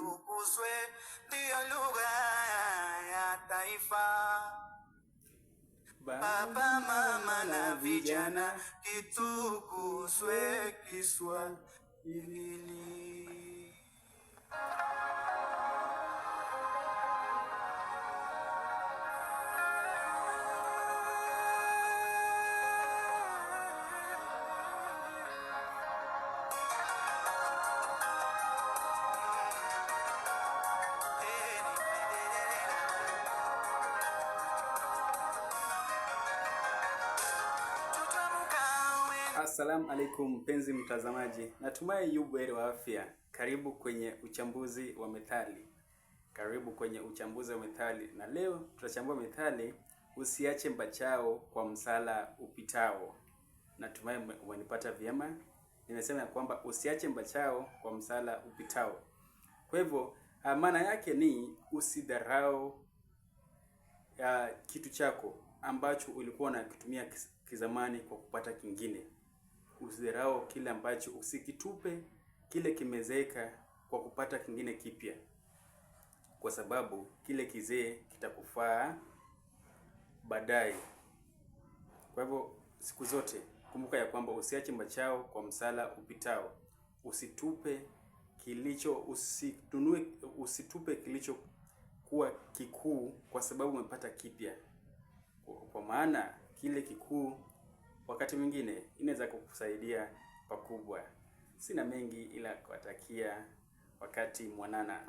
itukuzwe, ndiyo lugha ya taifa. Baba, mama na vijana, kitukuzwe Kiswahili. Assalamu alaikum mpenzi mtazamaji, natumai yu buheri wa afya. Karibu kwenye uchambuzi wa methali, karibu kwenye uchambuzi wa methali, na leo tutachambua methali usiache mbachao kwa msala upitao. Natumai umenipata vyema. Nimesema kwamba usiache mbachao kwa msala upitao. Kwa hivyo ah, maana yake ni usidharau ah, kitu chako ambacho ulikuwa unakitumia kizamani kwa kupata kingine usidharau kile ambacho, usikitupe kile kimezeeka kwa kupata kingine kipya, kwa sababu kile kizee kitakufaa baadaye. Kwa hivyo siku zote kumbuka ya kwamba usiache machao kwa msala upitao, usitupe kilicho usitunue, usitupe kilicho kuwa kikuu kwa sababu umepata kipya, kwa maana kile kikuu wakati mwingine inaweza kukusaidia pakubwa. Sina mengi ila kuwatakia wakati mwanana.